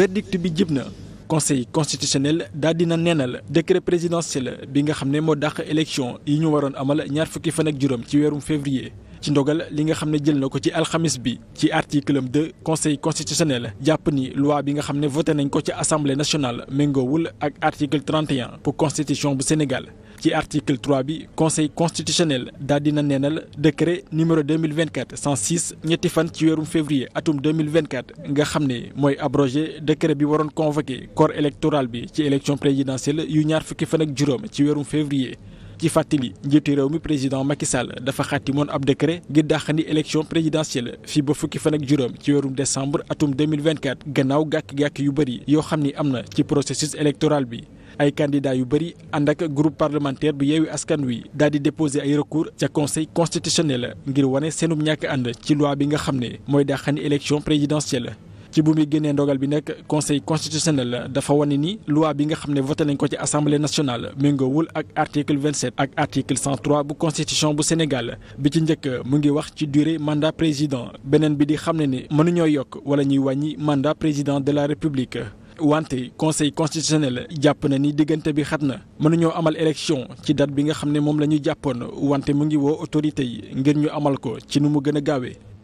verdict bi jib na conseil constitutionnel daal dina neenal décret présidentiel bi nga xam ne moo dax élection yi ñu waroon amal ñaar fukki fan ak juróom ci weerum février ci ndogal li nga xam ne jël na ko ci alxamis bi ci article 2 conseil constitutionnel jàpp ni loi bi nga xam ne voté nañ ko ci assemblée nationale méngoowul ak article 31 pour constitution bu Sénégal ci article 3 bi conseil constitutionnel daal dina neenal décret numéro 2024 106 ñetti fan ci weerum février atum 2024 nga xam ne mooy abrogé décret bi waroon convoqué corps électoral bi ci élection présidentielle yu ñaar fukki fan ak juróom ci weerum février ci fàttali njiitu réew mi président Macky Sall dafa moon ab décret ngir dàqandi élection présidentielle fii ba fukki fan ak juróom ci weerum décembre atum 2024 gannaaw gàkk-gàkk yu bari yoo xam ni am na ci processus électoral bi ay candidat yu bëri ànd ak groupe parlementaire bu yeewi askan wi daal di déposer ay recours ca conseil constitutionnel ngir wane seenum ñàkk ànd ci loi bi nga xam ne mooy daaxani élection présidentielle ci bu muy génnee ndogal bi nag conseil constitutionnel dafa wane ni loi bi nga xam ne voté nañ ko ci assemblée nationale méngoowul ak article 27 ak article 103 bu constitution bu Sénégal bi ci njëkk mu ngi wax ci durée mandat président beneen bi di xam ne ni mënuñoo yokk wala ñuy wàññi mandat président de la république. wante conseil constitutionnel jàpp na ni diggante bi xat na mënuñoo amal élection ci date bi nga xam ne moom la ñu jàppoon wante mu ngi woo autorité yi ngir ñu amal ko ci nu mu gën a gaawee.